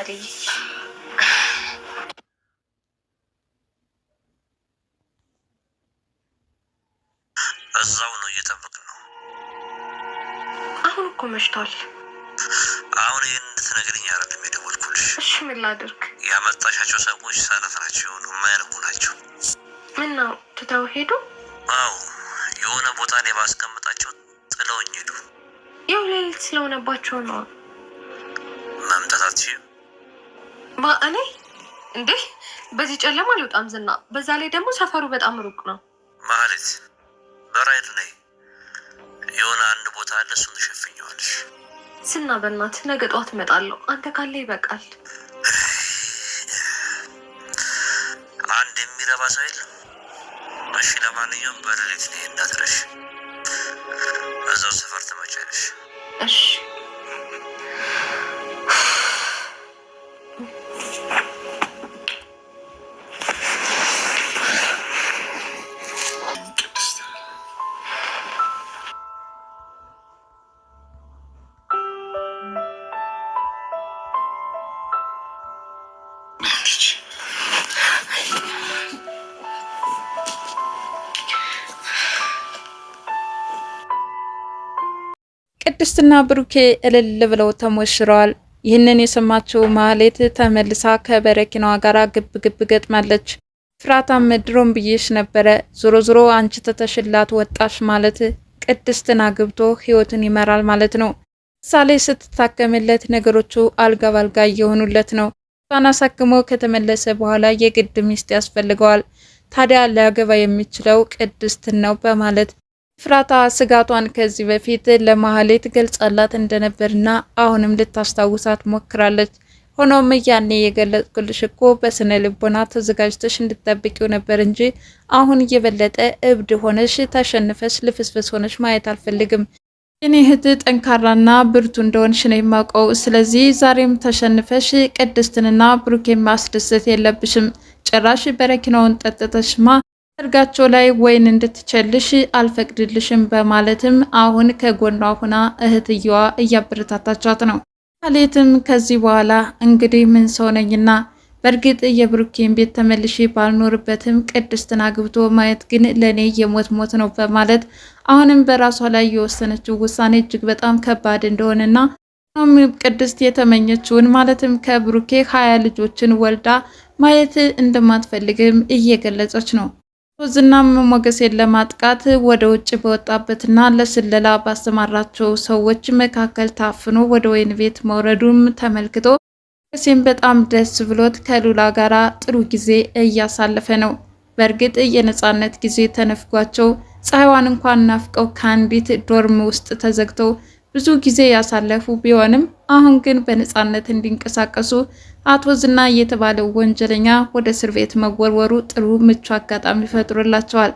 አትሳደኝ። እዛው ነው እየጠበቅ ነው። አሁን እኮ መሽቷል። አሁን ይህን እንድትነግሪኝ አይደለም የደወልኩልሽ። እሺ ምን ላድርግ? ያመጣሻቸው ሰዎች ሰነፍ ናቸው፣ የሆኑ የማያነቡ ናቸው። ምነው ትተው ሄዱ? አዎ የሆነ ቦታ ላይ ባስቀምጣቸው ጥለውኝ ሄዱ። ያው ሌሊት ስለሆነባቸው ነው መምጣታቸው እኔ እንዴ በዚህ ጨለማ ሊወጣም ዝና። በዛ ላይ ደግሞ ሰፈሩ በጣም ሩቅ ነው። ማለት በራይድ ላይ የሆነ አንድ ቦታ አለ፣ እሱን ትሸፍኛዋለሽ። ስና በእናት ነገ ጠዋት እመጣለሁ። አንተ ካለ ይበቃል። አንድ የሚረባ ሰው የለም። እሺ፣ ለማንኛውም በሌሊት ነ እንዳትረሽ፣ እዛው ሰፈር ትመጫለሽ። እሺ ቅድስትና ብሩኬ እልል ብለው ተሞሽረዋል። ይህንን የሰማችው ማህሌት ተመልሳ ከበረኪናዋ ጋር ግብ ግብ ገጥማለች። ፍራታም ድሮም ብዬሽ ነበረ፣ ዞሮ ዞሮ አንቺ ተተሽላት ወጣሽ ማለት ቅድስትን አግብቶ ህይወትን ይመራል ማለት ነው። ምሳሌ ስትታከምለት ነገሮቹ አልጋ ባልጋ እየሆኑለት ነው። እሷን አሳክሞ ከተመለሰ በኋላ የግድ ሚስት ያስፈልገዋል። ታዲያ ሊያገባ የሚችለው ቅድስትን ነው በማለት ፍራታ ስጋቷን ከዚህ በፊት ለማህሌት ገልጻላት እንደነበርና አሁንም ልታስታውሳት ሞክራለች። ሆኖም ያኔ የገለጽኩልሽ እኮ በስነ ልቦና ተዘጋጅተሽ እንድጠብቂው ነበር እንጂ አሁን እየበለጠ እብድ ሆነሽ ተሸንፈሽ ልፍስፍስ ሆነሽ ማየት አልፈልግም። እኔ እህት ጠንካራና ብርቱ እንደሆንሽ ነው የማውቀው። ስለዚህ ዛሬም ተሸንፈሽ ቅድስትንና ብሩኬን ማስደሰት የለብሽም። ጭራሽ በረኪናውን ጠጥተሽማ ሰርጋቸው ላይ ወይን እንድትቸልሽ አልፈቅድልሽም በማለትም አሁን ከጎኗ ሆና እህትየዋ እያበረታታቻት ነው። ማሌትም ከዚህ በኋላ እንግዲህ ምን ሰው ነኝና በእርግጥ የብሩኬን ቤት ተመልሼ ባልኖርበትም ቅድስትን አግብቶ ማየት ግን ለእኔ የሞት ሞት ነው በማለት አሁንም በራሷ ላይ የወሰነችው ውሳኔ እጅግ በጣም ከባድ እንደሆነና ም ቅድስት የተመኘችውን ማለትም ከብሩኬ ሀያ ልጆችን ወልዳ ማየት እንደማትፈልግም እየገለጸች ነው። ዝናም ሞገሴን ለማጥቃት ወደ ውጭ በወጣበትና ለስለላ ባሰማራቸው ሰዎች መካከል ታፍኖ ወደ ወይን ቤት መውረዱም ተመልክቶ ሞገሴን በጣም ደስ ብሎት ከሉላ ጋር ጥሩ ጊዜ እያሳለፈ ነው። በእርግጥ የነፃነት ጊዜ ተነፍጓቸው ፀሐይዋን እንኳን ናፍቀው ከአንዲት ዶርም ውስጥ ተዘግተው ብዙ ጊዜ ያሳለፉ ቢሆንም አሁን ግን በነፃነት እንዲንቀሳቀሱ አቶ ዝና የተባለው ወንጀለኛ ወደ እስር ቤት መወርወሩ ጥሩ ምቹ አጋጣሚ ፈጥሮላቸዋል።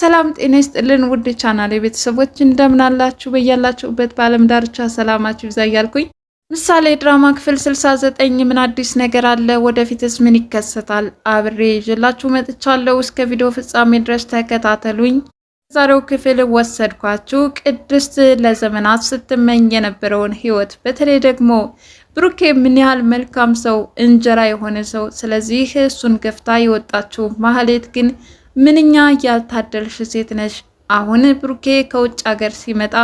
ሰላም ጤና ይስጥልን ውድ ቻናል ቤተሰቦች እንደምናላችሁ፣ በያላችሁበት በዓለም ዳርቻ ሰላማችሁ ይብዛ እያልኩኝ ምሳሌ ድራማ ክፍል 69 ምን አዲስ ነገር አለ? ወደፊትስ ምን ይከሰታል? አብሬ ይዤላችሁ መጥቻለሁ። እስከ ቪዲዮ ፍጻሜ ድረስ ተከታተሉኝ። ዛሬው ክፍል ወሰድኳችሁ። ቅድስት ለዘመናት ስትመኝ የነበረውን ህይወት በተለይ ደግሞ ብሩኬ ምን ያህል መልካም ሰው፣ እንጀራ የሆነ ሰው፣ ስለዚህ እሱን ገፍታ የወጣችው ማህሌት ግን ምንኛ ያልታደልሽ ሴት ነሽ። አሁን ብሩኬ ከውጭ ሀገር ሲመጣ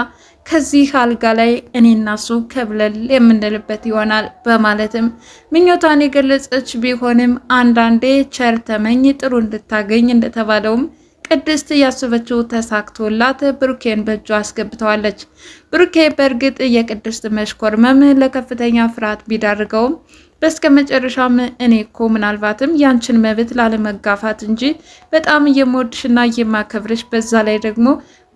ከዚህ አልጋ ላይ እኔና እሱ ከብለል የምንልበት ይሆናል በማለትም ምኞቷን የገለጸች ቢሆንም አንዳንዴ ቸር ተመኝ ጥሩ እንድታገኝ እንደተባለውም ቅድስት እያሰበችው ተሳክቶላት ብሩኬን በእጇ አስገብተዋለች። ብሩኬ በእርግጥ የቅድስት መሽኮርመም ለከፍተኛ ፍርሃት ቢዳርገውም በስከ መጨረሻም እኔ እኮ ምናልባትም ያንችን መብት ላለመጋፋት እንጂ በጣም የምወድሽና የማከብርሽ በዛ ላይ ደግሞ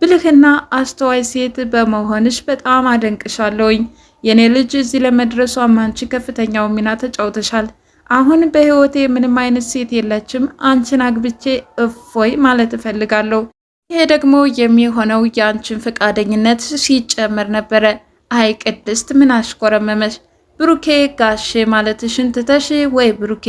ብልህና አስተዋይ ሴት በመሆንሽ በጣም አደንቅሻለሁኝ። የእኔ ልጅ እዚህ ለመድረሷም አንቺ ከፍተኛው ሚና ተጫውተሻል። አሁን በህይወቴ ምንም አይነት ሴት የለችም። አንቺን አግብቼ እፎይ ማለት እፈልጋለሁ። ይሄ ደግሞ የሚሆነው የአንቺን ፈቃደኝነት ሲጨመር ነበረ። አይ ቅድስት ምን አሽኮረመመሽ? ብሩኬ ጋሼ ማለትሽን ትተሽ ወይ ብሩኬ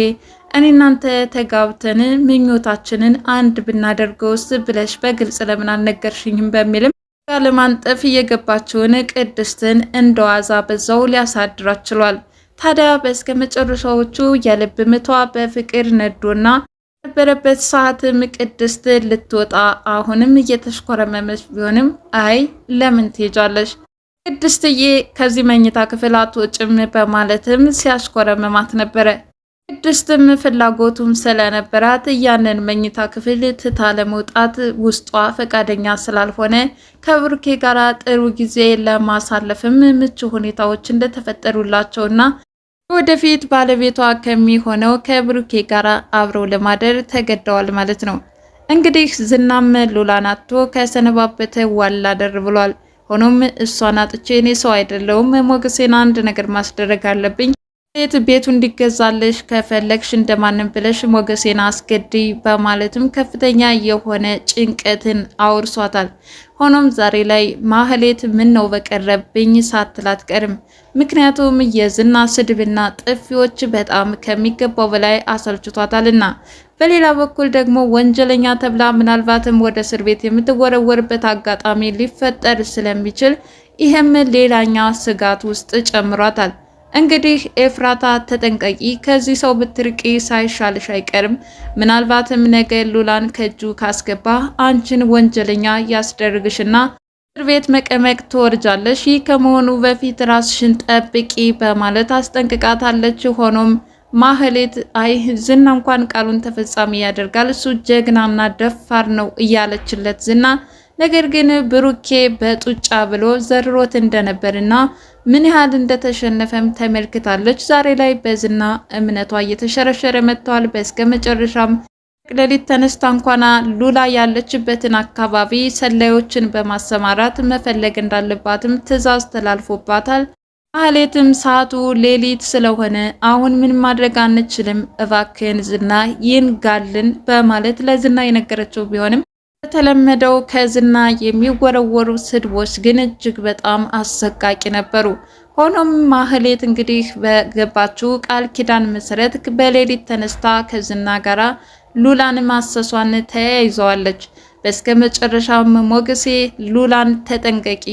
እኔ እናንተ ተጋብተን ምኞታችንን አንድ ብናደርገውስ ብለሽ በግልጽ ለምን አልነገርሽኝም? በሚልም ጋር ለማንጠፍ የገባችውን ቅድስትን እንደዋዛ በዛው ሊያሳድራችሏል። ታዲያ በስከ መጨረሻዎቹ የልብ ምቷ በፍቅር ነዶና የነበረበት ሰዓትም ቅድስት ልትወጣ አሁንም እየተሽኮረመመች ቢሆንም አይ ለምን ትሄጃለሽ ቅድስትዬ ከዚህ መኝታ ክፍል አትወጭም በማለትም ሲያሽኮረመማት ነበረ። ቅድስትም ፍላጎቱም ስለነበራት ያንን መኝታ ክፍል ትታ ለመውጣት ውስጧ ፈቃደኛ ስላልሆነ ከብሩኬ ጋር ጥሩ ጊዜ ለማሳለፍም ምቹ ሁኔታዎች እንደተፈጠሩላቸውና ወደፊት ባለቤቷ ከሚሆነው ከብሩኬ ጋር አብረው ለማደር ተገደዋል ማለት ነው። እንግዲህ ዝናም ሉላን አጥቶ ከሰነባበተ ዋላ ደር ብሏል። ሆኖም እሷን አጥቼ እኔ ሰው አይደለሁም ሞገሴን አንድ ነገር ማስደረግ አለብኝ ቤት ቤቱ እንዲገዛልሽ ከፈለግሽ እንደማንም ብለሽ ሞገሴን አስገዲ በማለትም ከፍተኛ የሆነ ጭንቀትን አውርሷታል። ሆኖም ዛሬ ላይ ማህሌት ምን ነው በቀረብኝ ሳትላት ቀርም። ምክንያቱም የዝና ስድብና ጥፊዎች በጣም ከሚገባው በላይ አሰልችቷታልና፣ በሌላ በኩል ደግሞ ወንጀለኛ ተብላ ምናልባትም ወደ እስር ቤት የምትወረወርበት አጋጣሚ ሊፈጠር ስለሚችል ይህም ሌላኛ ስጋት ውስጥ ጨምሯታል። እንግዲህ ኤፍራታ ተጠንቀቂ፣ ከዚህ ሰው ብትርቂ ሳይሻልሽ አይቀርም። ምናልባትም ነገ ሉላን ከእጁ ካስገባ አንቺን ወንጀለኛ ያስደርግሽና እስር ቤት መቀመቅ ትወርጃለሽ። ይህ ከመሆኑ በፊት ራስሽን ጠብቂ በማለት አስጠንቅቃታለች። ሆኖም ማህሌት አይ ዝና እንኳን ቃሉን ተፈጻሚ ያደርጋል እሱ ጀግናና ደፋር ነው እያለችለት ዝና ነገር ግን ብሩኬ በጡጫ ብሎ ዘርሮት እንደነበርና ምን ያህል እንደተሸነፈም ተመልክታለች። ዛሬ ላይ በዝና እምነቷ እየተሸረሸረ መጥቷል። በስከ መጨረሻም ሌሊት ተነስታ እንኳን ሉላ ያለችበትን አካባቢ ሰላዮችን በማሰማራት መፈለግ እንዳለባትም ትዕዛዝ ተላልፎባታል። ማህሌትም ሰዓቱ ሌሊት ስለሆነ አሁን ምን ማድረግ አንችልም፣ እባክህን ዝና ይንጋልን በማለት ለዝና የነገረችው ቢሆንም እንደተለመደው ከዝና የሚወረወሩ ስድቦች ግን እጅግ በጣም አሰቃቂ ነበሩ። ሆኖም ማህሌት እንግዲህ በገባችው ቃል ኪዳን መሰረት በሌሊት ተነስታ ከዝና ጋር ሉላን ማሰሷን ተያይዘዋለች። በስከ መጨረሻ ሞገሴ ሉላን ተጠንቀቂ፣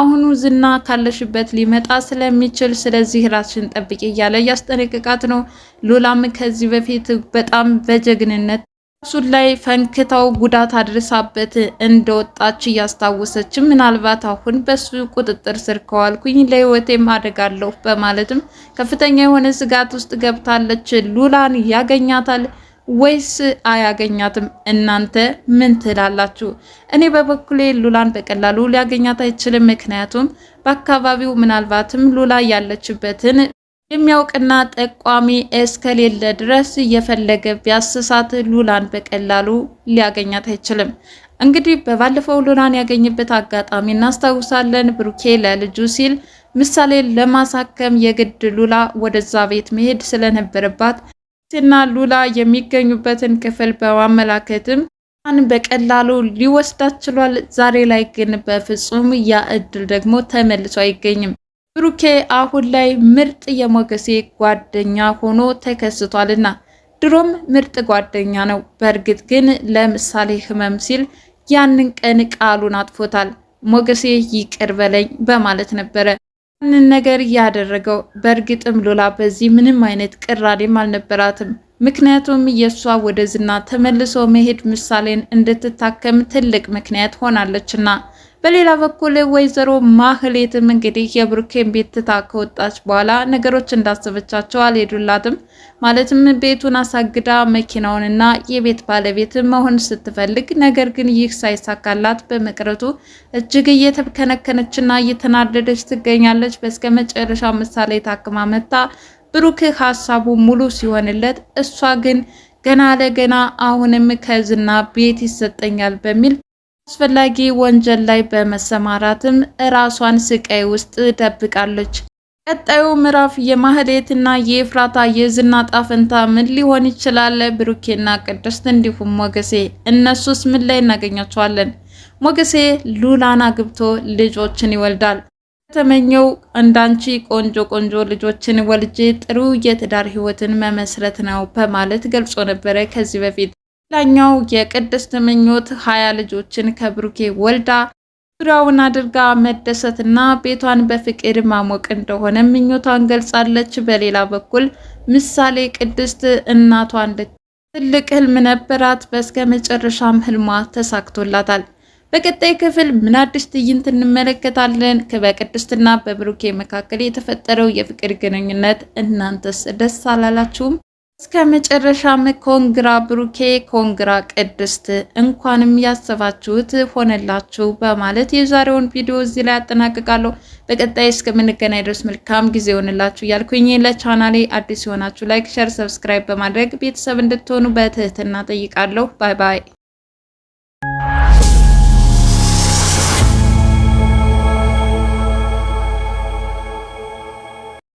አሁኑ ዝና ካለሽበት ሊመጣ ስለሚችል ስለዚህ ራስሽን ጠብቂ እያለ እያስጠነቅቃት ነው። ሉላም ከዚህ በፊት በጣም በጀግንነት እሱን ላይ ፈንክተው ጉዳት አድርሳበት እንደወጣች እያስታወሰች ምናልባት አሁን በሱ ቁጥጥር ስር ከዋልኩኝ ለሕይወቴም አደጋለሁ በማለትም ከፍተኛ የሆነ ስጋት ውስጥ ገብታለች። ሉላን ያገኛታል ወይስ አያገኛትም? እናንተ ምን ትላላችሁ? እኔ በበኩሌ ሉላን በቀላሉ ሊያገኛት አይችልም። ምክንያቱም በአካባቢው ምናልባትም ሉላ ያለችበትን የሚያውቅና ጠቋሚ እስከሌለ ድረስ እየፈለገ ቢያስሳት ሉላን በቀላሉ ሊያገኛት አይችልም። እንግዲህ በባለፈው ሉላን ያገኝበት አጋጣሚ እናስታውሳለን። ብሩኬ ለልጁ ሲል ምሳሌ ለማሳከም የግድ ሉላ ወደዛ ቤት መሄድ ስለነበረባት ሲና ሉላ የሚገኙበትን ክፍል በማመላከትም ን በቀላሉ ሊወስዳት ችሏል። ዛሬ ላይ ግን በፍጹም ያ እድል ደግሞ ተመልሶ አይገኝም። ብሩኬ አሁን ላይ ምርጥ የሞገሴ ጓደኛ ሆኖ ተከስቷልና ድሮም ምርጥ ጓደኛ ነው። በእርግጥ ግን ለምሳሌ ህመም ሲል ያንን ቀን ቃሉን አጥፎታል። ሞገሴ ይቅር በለኝ በማለት ነበረ ያንን ነገር ያደረገው። በእርግጥም ሎላ በዚህ ምንም አይነት ቅራኔም አልነበራትም። ምክንያቱም የእሷ ወደ ዝና ተመልሶ መሄድ ምሳሌን እንድትታከም ትልቅ ምክንያት ሆናለችና በሌላ በኩል ወይዘሮ ማህሌትም እንግዲህ የብሩኬን ቤት ትታ ከወጣች በኋላ ነገሮች እንዳሰበቻቸው አልሄዱላትም። ማለትም ቤቱን አሳግዳ መኪናውንና የቤት ባለቤት መሆን ስትፈልግ፣ ነገር ግን ይህ ሳይሳካላት በመቅረቱ እጅግ እየተከነከነችና እየተናደደች ትገኛለች። በስከ መጨረሻ ምሳሌ ታክማ መታ ብሩክ ሀሳቡ ሙሉ ሲሆንለት እሷ ግን ገና ለገና አሁንም ከዝና ቤት ይሰጠኛል በሚል አስፈላጊ ወንጀል ላይ በመሰማራትም እራሷን ስቃይ ውስጥ ደብቃለች። ቀጣዩ ምዕራፍ የማህሌትና የኤፍራታ የዝና ጣፈንታ ምን ሊሆን ይችላል? ብሩኬና ቅድስት እንዲሁም ሞገሴ እነሱስ ምን ላይ እናገኛቸዋለን? ሞገሴ ሉላን አግብቶ ልጆችን ይወልዳል። ከተመኘው እንዳንቺ ቆንጆ ቆንጆ ልጆችን ወልጄ ጥሩ የትዳር ህይወትን መመስረት ነው በማለት ገልጾ ነበረ ከዚህ በፊት ላኛው የቅድስት ምኞት ሀያ ልጆችን ከብሩኬ ወልዳ ዙሪያውን አድርጋ መደሰትና ቤቷን በፍቅር ማሞቅ እንደሆነ ምኞቷን ገልጻለች። በሌላ በኩል ምሳሌ ቅድስት እናቷ ትልቅ ህልም ነበራት። በስከ መጨረሻም ህልሟ ተሳክቶላታል። በቀጣይ ክፍል ምን አዲስ ትዕይንት እንመለከታለን? በቅድስትና በብሩኬ መካከል የተፈጠረው የፍቅር ግንኙነት እናንተስ ደስ አላላችሁም? እስከ መጨረሻም ኮንግራ ብሩኬ፣ ኮንግራ ቅድስት፣ እንኳንም ያሰባችሁት ሆነላችሁ በማለት የዛሬውን ቪዲዮ እዚህ ላይ አጠናቅቃለሁ። በቀጣይ እስከምንገናኝ ድረስ መልካም ጊዜ ሆንላችሁ እያልኩኝ ለቻናሌ አዲስ የሆናችሁ ላይክ፣ ሸር፣ ሰብስክራይብ በማድረግ ቤተሰብ እንድትሆኑ በትህትና ጠይቃለሁ። ባይ ባይ።